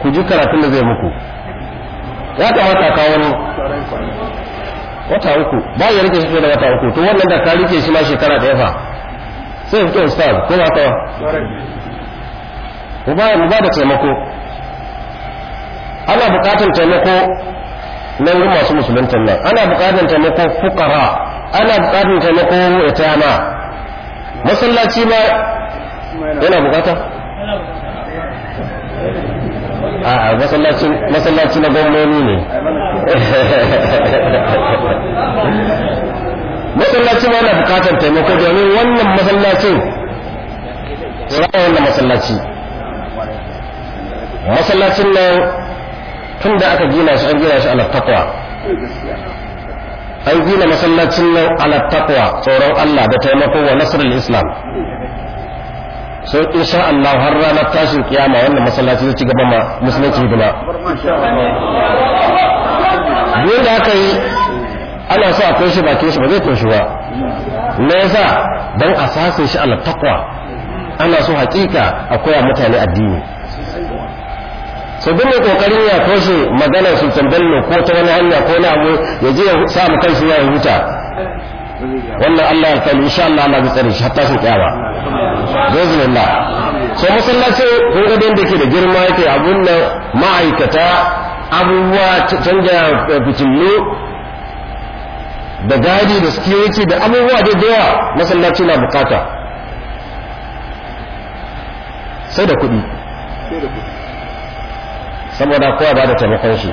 ku ji karatun da zai muku ya ta wata kawo ne wata uku ba ya rike shi da wata uku to wannan da ka rike shi ma shekara da yafa sai fito ustaz ko ba ta mu ba mu ba da taimako ana bukatun taimako na wurin masu musuluntan nan ana bukatun taimako fukara ana bukatun taimako yatama masallaci ma yana bukata a'a masallaci na gwamnoni ne masallacin yana bukatar taimako domin wannan masallacin tsara wannan masallaci masallacin nan tun da aka gina shi an gina shi ala takwa an gina masallacin nan ala takwa tsoron Allah da taimako wa nasrul islam in insha Allah har ranar tashin kiyama wannan masallaci zai ci gaba ma musulunci hidima duk da aka yi ana so a kai shi bakin shi ba zai kunshi ba me yasa dan a sasin shi ala taqwa ana so hakika a mutane addini so duk mai kokarin ya toshe maganar sultan bello ko ta wani hanya ko na abu ya je ya sa mu shi ya huta wannan Allah ya kai insha Allah Allah zai tsare shi hatta shi bismillah so masallaci ko da da ke da girma yake abun nan ma'aikata abubuwa canja fitillo da gadi da security da abubuwa da yawa masallaci na bukata sai da kuɗi saboda kowa ba da taimakon shi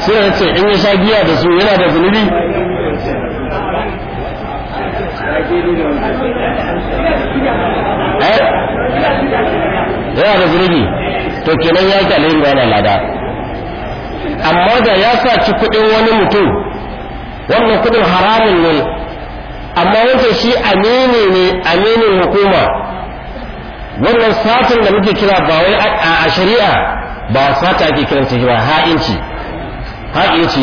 sai ya ce in ya sha giya da su yana da zunubi eh? yana da zunubi to kenan ya ki alheri yana lada amma da ya sa ci kuɗin wani mutum wannan kuɗin haramun ne amma wancan shi amini ne aminin hukuma wannan satin da muke kira ba wai a shari'a ba sata ake kiran ta ba ha'inci haƙi ya ce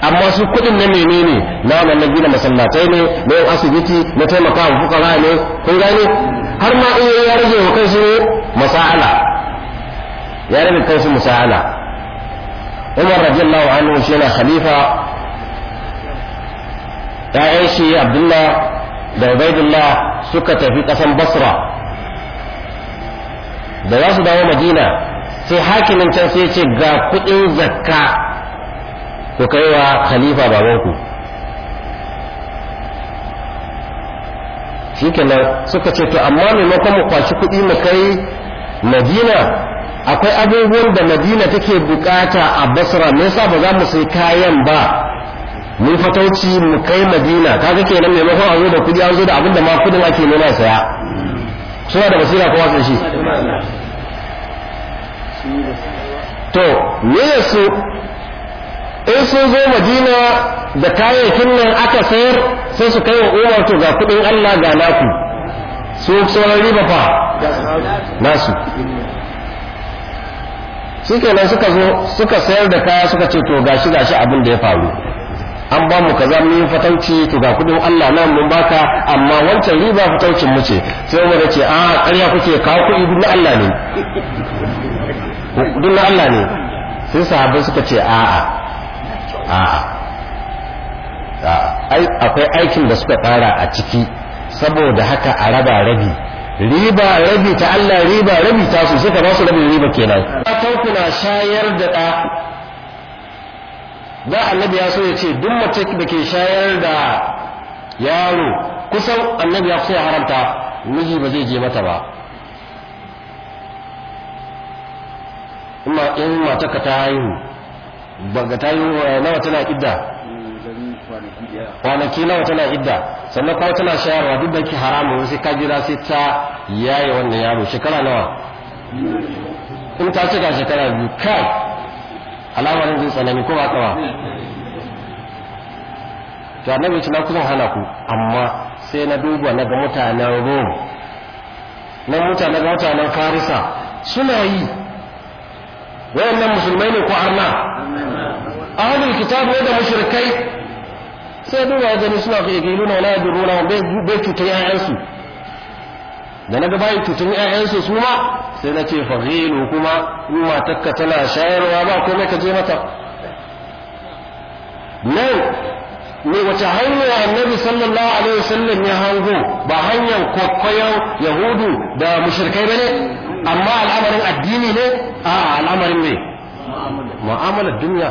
amma su kuɗin na menene na wannan gina masallatai ne na yin asibiti na taimaka wa fukara ne kun gane har ma iya ya rage wa kansu masa'ala ya rage kansu masa'ala umar radiyallahu anhu shi yana khalifa ya'yan shi abdullah da ubaidullah suka tafi ƙasan basra da za su dawo madina sai hakimin can sai ce ga kuɗin zakka ku kai wa khalifa babanku shikenan suka ce to amma maimakon mu kwashi kuɗi mu kai madina akwai abubuwan da madina take bukata a basra me yasa ba za mu sai kayan ba mun fatauci mu kai madina kaga kenan maimakon a zo da kuɗi an zo da abin da ma kuɗin ake nema saya suna da basira kowa sai shi to me su in sun zo madina da kayayyakin nan aka sayar sai su kai wa umar to ga kudin allah ga naku su sauran riba fa nasu shi kenan suka zo suka sayar da kaya suka ce to gashi gashi abin da ya faru an ba mu kaza mun fatanci to ga kudin Allah nan mun baka amma wancan riba fatancin mu ce sai mu ce a ah, ƙarya kuke kawo kuɗi na Allah ne duk na Allah ne sai sahabbai suka ce a'a a'a akwai aikin da suka fara a ciki saboda haka a raba rabi riba rabi ta Allah riba rabi ta su suka ba su rabin riba kenan ta kuna shayar da ɗa da annabi ya so ya ce duk mace da ke shayar da yaro kusan annabi ya so ya haramta miji ba zai je mata ba in matarka ta haihu baga ta yi eh, nawa tana idda kwanaki nawa tana idda sannan kuma tana shayarwa duk da ke haramun sai ka jira sai ta yaye wannan yaro shekara nawa in ta cika shekara biyu kai alamarin jin tsanani ko ba kawa to annabi ce na kusan hana ku amma sai na duba na ga mutanen rome na mutanen mutanen farisa suna yi wayannan musulmai ne ko arna ahlul kitab ne da mushrikai sai duba gani suna yaqiluna wala yadruna wa bai cutar ƴaƴansu da naga bai cutar ƴaƴansu su ma sai na ce faghilu kuma in matarka tana shayarwa ba komai ka je mata nan ne wace hanyar annabi sallallahu alaihi wasallam ya hango ba hanyar kwaikwayon yahudu da mushrikai bane amma al'amarin addini ne a al'amarin ne mu'amalar duniya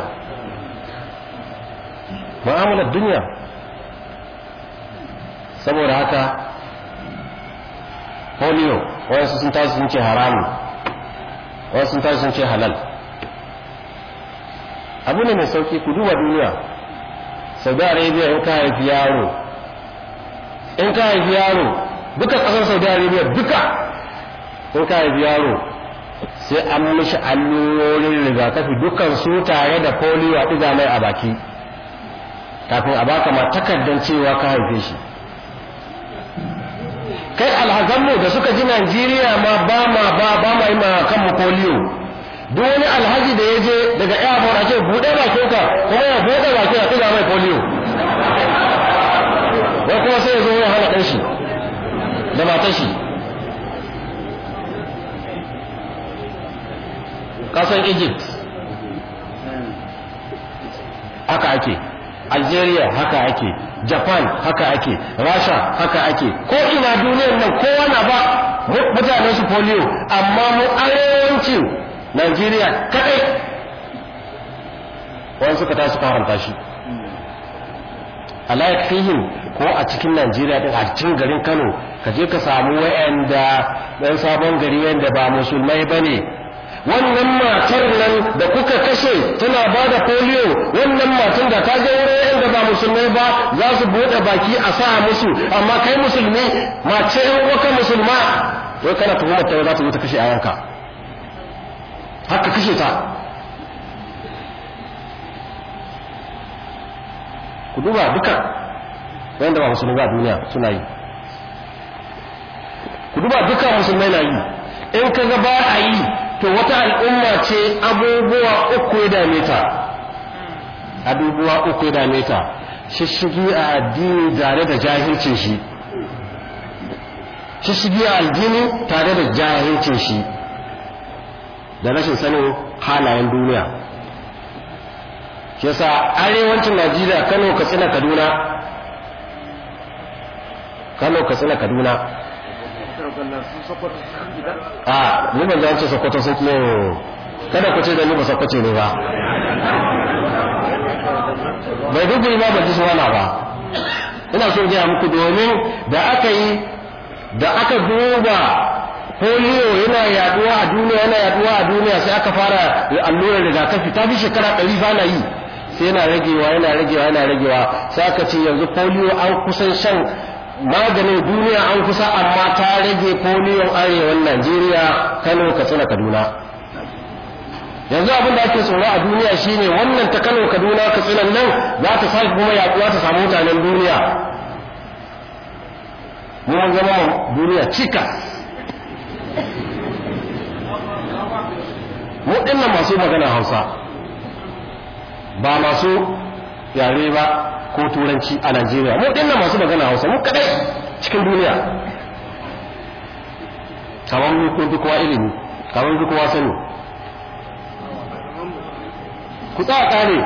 mu'amalar duniya saboda haka polio wasu sun tashi sun ce haramun wasu sun tashi sun ce halal abu ne mai sauki ku duba duniya da arabia in ka haifi yaro in ka haifi yaro duka kasar da arabia duka in ka haifi yaro sai an mishi allurorin rigakafi dukan su tare da polio a ɗiga mai a baki kafin a baka ma takardar cewa ka haife shi kai alhazanmu da suka ji najeriya ma ba ma ba ma yi ma kanmu polio duk wani alhaji da ya je daga airport a ce buɗe ba ka kuma ya buɗe ba a tuga mai polio wai kuma sai ya zo ya hana shi da matar shi ƙasar egypt haka ake algeria haka ake japan haka ake rasha haka ake ko ina duniyar nan kowa na ba mutane su polio amma mu arewancin Najeriya kadai wani suka tashi faranta shi ya yakfihim ko a cikin Najeriya ɗin a cikin garin Kano ka je ka samu wayanda dan sabon gari wanda ba musulmai bane wannan matar nan da kuka kashe tana ba da polio wannan matan da ta je wurin wayanda ba musulmai ba za su bude baki a sa musu amma kai musulmi mace ɗan uwa musulma wai kana tuhumar ta za ta zo ta kashe ayanka haka kashe ta ku duba duka wanda ba musulmi a duniya suna yi ku duba duka musulmai na yi in ka ga ba a yi to wata al'umma ce abubuwa uku ya dame ta abubuwa uku ya dame ta shishigi a addini tare da jahilcin shi shishigi a addini tare da jahilcin shi da rashin sanin halayen duniya shi yasa arewacin najeriya kano katsina kaduna kano katsina kaduna a ni ban zance sokoto sun kuma kada ku ce da ni ba sokoto ne ba bai duk ma ban ji su wana ba ina so gaya muku domin da aka yi da aka duba polio yana yaduwa a duniya yana yaduwa a duniya sai aka fara allurar rigakafi ta fi shekara ɗari ba na yi sai yana ragewa yana ragewa yana ragewa sai aka ce yanzu polio an kusan shan maganin duniya an kusa amma ta rage poliyon arewan najeriya kano katsina kaduna yanzu abin da ake tsoro a duniya shine wannan ta kano kaduna katsina nan za ta sa kuma yaduwa ta samu mutanen duniya mun zama duniya cika nan masu magana hausa ba masu yare ba ko turanci a najeriya nan masu magana hausa mu kadai cikin duniya kamar mu kowa ilimi kamar fi kowa sani ku tsaya ƙare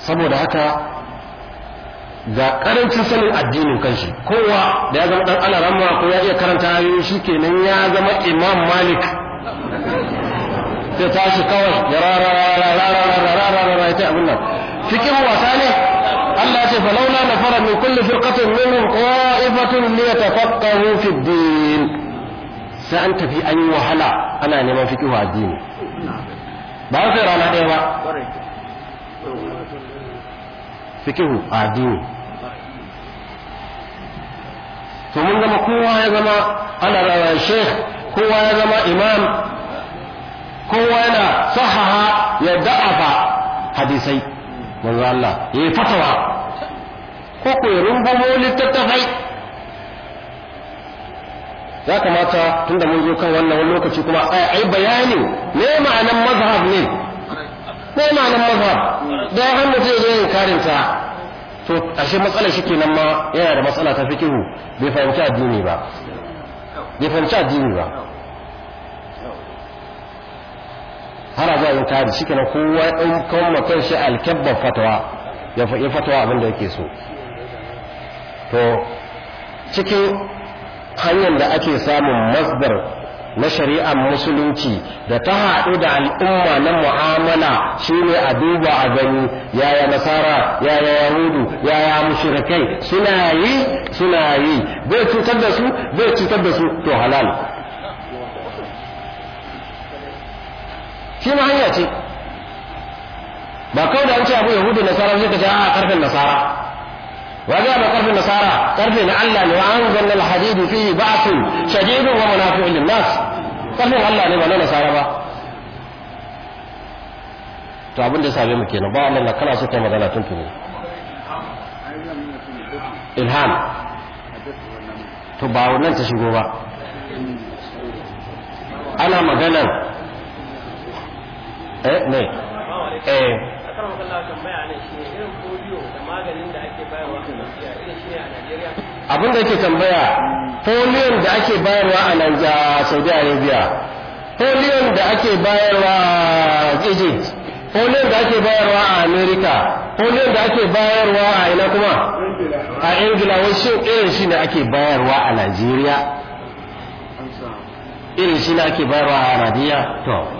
saboda haka ga karancin sanin addinin kanshi kowa da ya zama dan alarama ko ya iya karanta ayoyi kenan ya zama imam malik sai tashi kawai ya rarararararararararara ya ce abin nan fikin wasa ne Allah ce fa launa na fara min kulli firqatin minhum qa'ifatun yatafaqahu fi din sai an tafi an yi wahala ana neman fiqhu addini ba sai rana ɗaya ba fikihu addini to mun zama kowa ya zama ana rawar sheikh kowa ya zama imam kowa yana sahaha ya da'afa hadisai manzo Allah ya yi fatawa ko ko ya rungumo littattafai ya kamata da mun zo kan wannan wani lokaci kuma ai bayani ne ma'anan mazhab ne ne ma'anan mazhab da ya hannu zo zai karinta to ashe matsalar shi kenan ma yana da matsala ta fikihu bai fahimci addini ba bai fahimci addini ba har a yi kari shi kenan kowa in kawo makon shi alkebban fatawa ya fa'i fatawa abin da yake so to cikin hanyar da ake samun masdar na shari'ar musulunci da ta haɗu da al'umma na mu'amala ne a duba a gani yaya nasara yaya yahudu yaya mushrikai suna yi suna yi bai cutar da su bai cutar da su to halal shi ma hanya ce ba kawai da an ce abu yahudu nasara sai ka ce a karfin nasara وذهب طرف النصارى طرف لعل وأنزلنا الحديد فيه بأس شديد ومنافع للناس طرف لعل ne ba na nasara ba to abin da same mu kenan ba Allah kana so kai magana tun tuni ilham to ba wannan ta shigo ba ana maganar karin tambaya ne shi irin polio da maganin da ake bayarwa a Najeriya irin shi ne a Najeriya abin da ke tambaya polio da ake bayarwa a Najeriya Saudi Arabia polio da ake bayarwa a Egypt polio da ake bayarwa a America polio da ake bayarwa a ina kuma a Ingila wasu irin shi ne ake bayarwa a Najeriya irin shi ne ake bayarwa a Najeriya to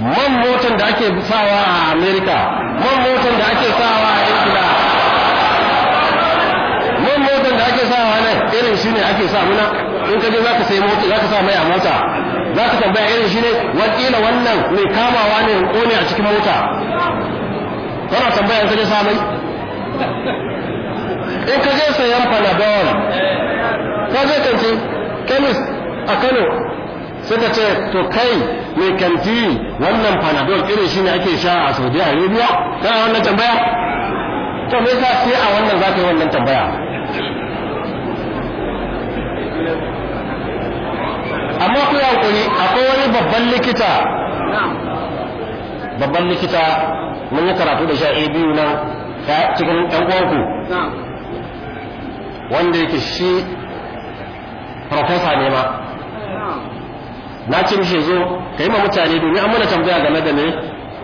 man motan da ake sawa a Amerika, man motan da ake sawa a ingila man motan da ake sawa nan irin shi ne ake sa muna in ka je za ka sai mota za ka sa mai a mota za ka tambaya irin shi ne wakila wannan mai kamawa ne ne a cikin mota kana tambaya in ka je sa mai in ka je sayan panadol ka je kanci kemis a kano suka ce to kai mai kanti wannan panadol irin shi ne ake sha a saudi arabia kana wannan tambaya to me yasa sai a wannan za ka yi wannan tambaya amma ku hakuri akwai wani babban likita babban likita mun yi karatu da shi biyu na cikin ɗan uwanku wanda yake shi profesa ne ma na ce mishi zo ka yi ma mutane domin an mana tambaya game da ne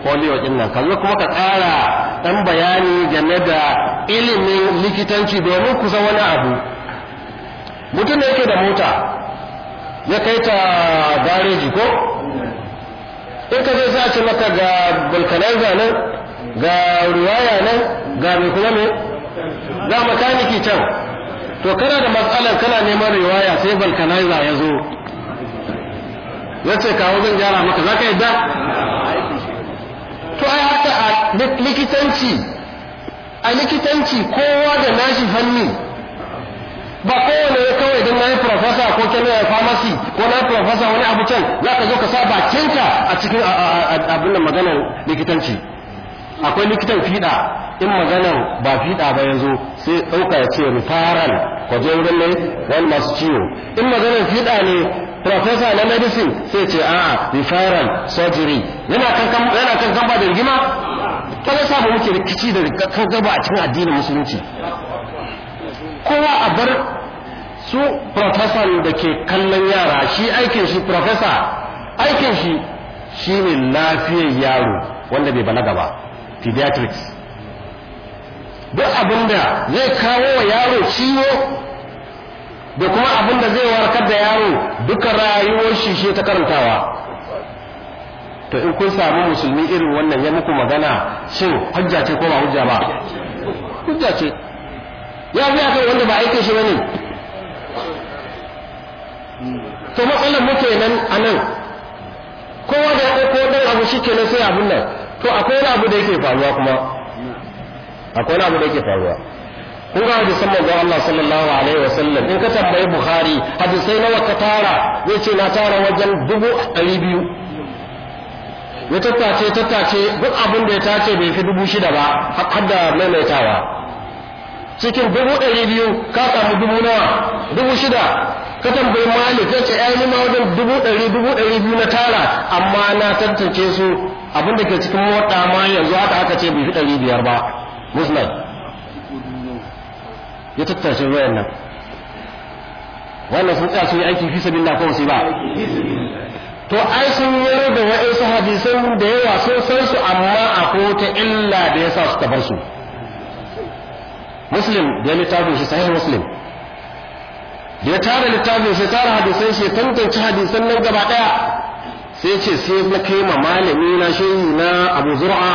polio din nan ka zo kuma ka ƙara ɗan bayani game da ilimin likitanci domin kusa wani abu mutum da yake da mota ya kai ta gareji ko in ka zai sace maka ga vulcanizer nan ga ruwaya nan ga mai kuma mai ga makaniki can to kana da matsalar kana neman riwaya sai vulcanizer ya zo ya ce kawo zan gyara maka za ka yadda to ai haka a likitanci a likitanci kowa da nashi hannu ba kowane ya kawai don na yi ko kene ya famasi ko na yi wani abu can za ka zo ka sa bakinka a cikin abin da maganar likitanci akwai likitan fiɗa in maganar ba fiɗa ba yanzu sai ɗauka ya ce referral kwaje wurin ne wani masu ciwo in maganar fiɗa ne professor na medicine sai ce a'a referral surgery yana kan yana kan ba da rigima ta sai sabu muke rikici da kan gaba a cikin addinin musulunci kowa a bar su professor da ke kallon yara shi aikin shi professor aikin shi shi ne lafiyar yaro wanda bai balaga ba pediatrics duk abinda zai kawo wa yaro ciwo da kuma abin da zai warkar da yaro duka rayuwar shi shi ta karantawa to in kun samu musulmi irin wannan ya muku magana shin hujja ce ko ba hujja ba hujja ce ya fi akan wanda ba aikin shi bane to matsalar muke nan a nan kowa da ya ɗauko ɗan abu shi kenan sai abin nan to akwai wani abu da yake faruwa kuma akwai wani abu da yake faruwa in ga hadisan manzo Allah sallallahu alaihi wasallam in ka tambayi Bukhari hadisai nawa ka tara zai ce na tara wajen dubu ɗari biyu ya tattace tattace duk abin da ya tace bai fi dubu shida ba har da maimaitawa cikin dubu ɗari biyu ka samu dubu nawa dubu shida ka tambayi malik ya ce ai ma wajen dubu ɗari dubu ɗari biyu na tara amma na tantance su abin da ke cikin mota ma yanzu haka aka ce bai fi ɗari biyar ba ya tattace wayan nan wannan sun tsaya sun yi aiki fi sabilillah ko sai ba to ai sun yi da wa'ansu hadisan da yawa sun san su amma a kota illa da yasa su bar su muslim da ya littafin shi sahih muslim da ya tara littafin shi tara hadisan shi tantance hadisan nan gaba daya sai ce sai na kai ma malami na shehi na abu zur'a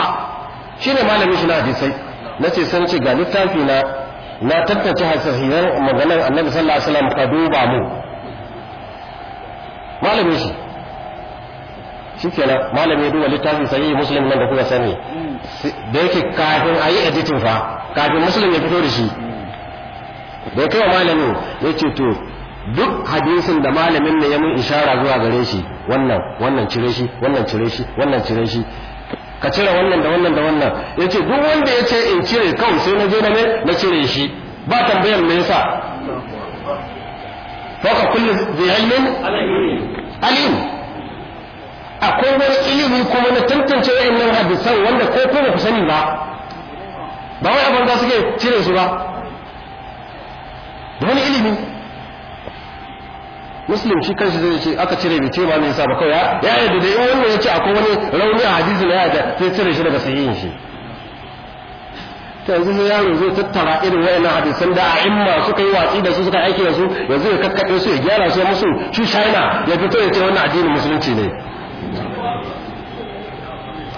shine malamin shi na hadisai na ce san ce ga littafi na na tattace hasahihan maganar annabi sallallahu alaihi wasallam ka duba mu malami shi shikenan malami duba littafin sahihi muslim nan da kuka sani da yake kafin ayi editing fa kafin muslim ya fito da shi da kai malami ya ce to duk hadisin da malamin ne ya mun ishara zuwa gare shi wannan wannan cire shi wannan cire shi wannan cire shi ka cire wannan da wannan da wannan ya ce duk wanda ya ce in cire kawai sai na je na mai na cire shi ba tambayar me yasa faka kullu zai ilmin alim akwai wani ilimi kuma na tantance wa'annan hadisan wanda ko ko ku sani ba ba wai abin da suke cire su ba wani ilimi muslim shi kanshi zai ce aka cire bai ce ba mai yasa ba kawai ya yadda da yi wannan yace akwai wani rauni a hadisi na yada sai cire shi daga sahihin shi ta yanzu sai yaro zai tattara irin wayannan hadisan da a imma suka yi watsi da su suka aiki da su yanzu ya kakkaɓe su ya gyara su musu shi china ya fito ya ce wannan addinin musulunci ne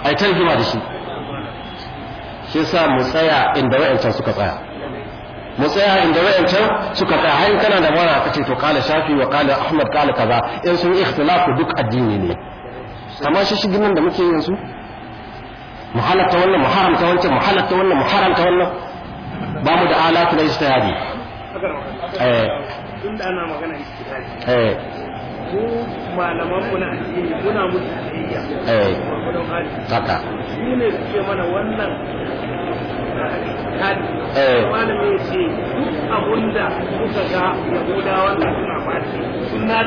ai ta rigima da shi shi sa mu tsaya inda wayancan suka tsaya mu tsaya inda wayancan suka tsaya har kana da mara kace to kala shafi wa kala ahmad kala kaza in sun ikhtilafu duk addini ne amma shi shigin nan da muke yanzu mu halatta wannan mu haramta wancan mu halatta wannan mu haramta wannan ba mu da alatu na istihadi eh tun da ana magana istihadi eh ku malaman mu na addini muna musu tarayya eh haka ne suke mana wannan Eh. ce duk abun da kuka ga suna fashi a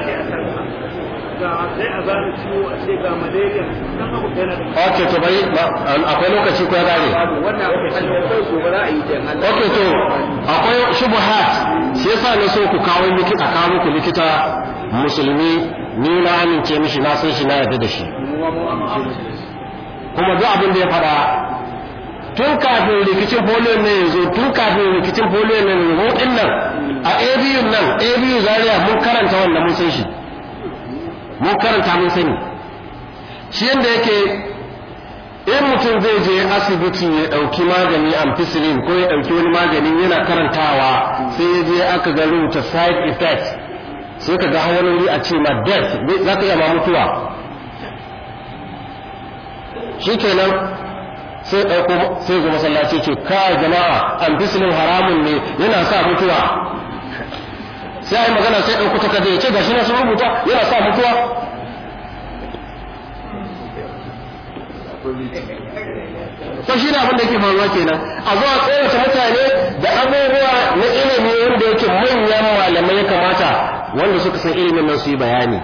ga sai a ciwo a ce ga malaria abu ok to bai akwai lokaci ko ya akwai ok to akwai shubuhat sai yasa na so ku kawo likita kawo likita musulmi ni na amince mishi na san shi na yarda da shi kuma duk abin da ya faɗa tun kafin rikicin foliyon ne yanzu tun kafin rikicin foliyon ne yanzu hudun nan a abu nan abu zariya mun karanta wanda mun san shi mun karanta mun sani shi yadda yake in mutum zai je asibiti ya ɗauki magani ampicillin ko ya ɗauki wani magani yana karantawa sai ya je aka ga rubuta side effects sai ka ga hawan wuri a ce ma death za ka iya ma mutuwa kenan sai ɗauko sai zo masallaci ce ka jama'a albislin haramun ne yana sa mutuwa sai ai magana sai ɗauko ta ya ce gashi na sun rubuta yana sa mutuwa ko shi ne abin da yake faruwa kenan a zuwa tsawaita mutane da abubuwa na ilimi yadda yake manyan malamai ya kamata wanda suka san ilimin nan su yi bayani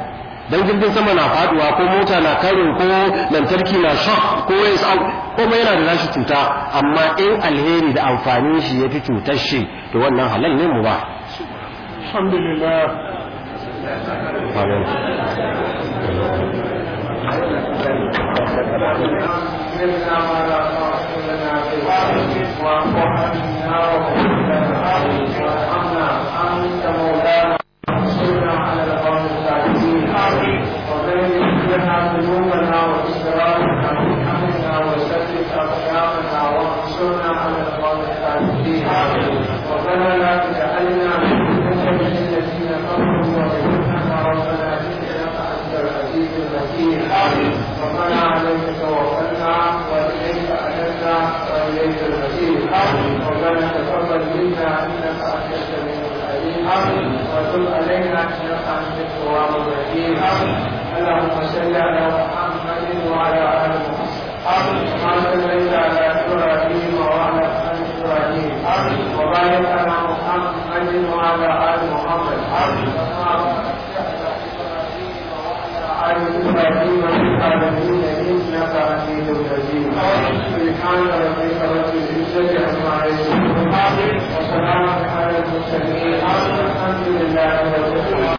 dan jirgin sama na faduwa ko mota na karin, ko lantarki na shock ko wani ko mai yana da nashi cuta amma in alheri da amfanin shi ya fi cutar shi to wannan halal ne mu ba alhamdulillah ربنا تجعلنا من الذين الذين كفروا ظالمين ربنا انك انت العزيز الحكيم ربنا عليك توكلنا واليك انبنا واليك المسير ربنا تقبل منا انك انت السميع العليم وتب علينا انك انت التواب الرحيم اللهم صل على محمد وعلى ال محمد كما صليت على ابراهيم وعلى وبارك على محمد وعلى آل محمد وعلى آل إبراهيم في العالمين إنك حميد مجيد سبحان ربك رب العزة عما يصفون وسلام على المرسلين الحمد لله رب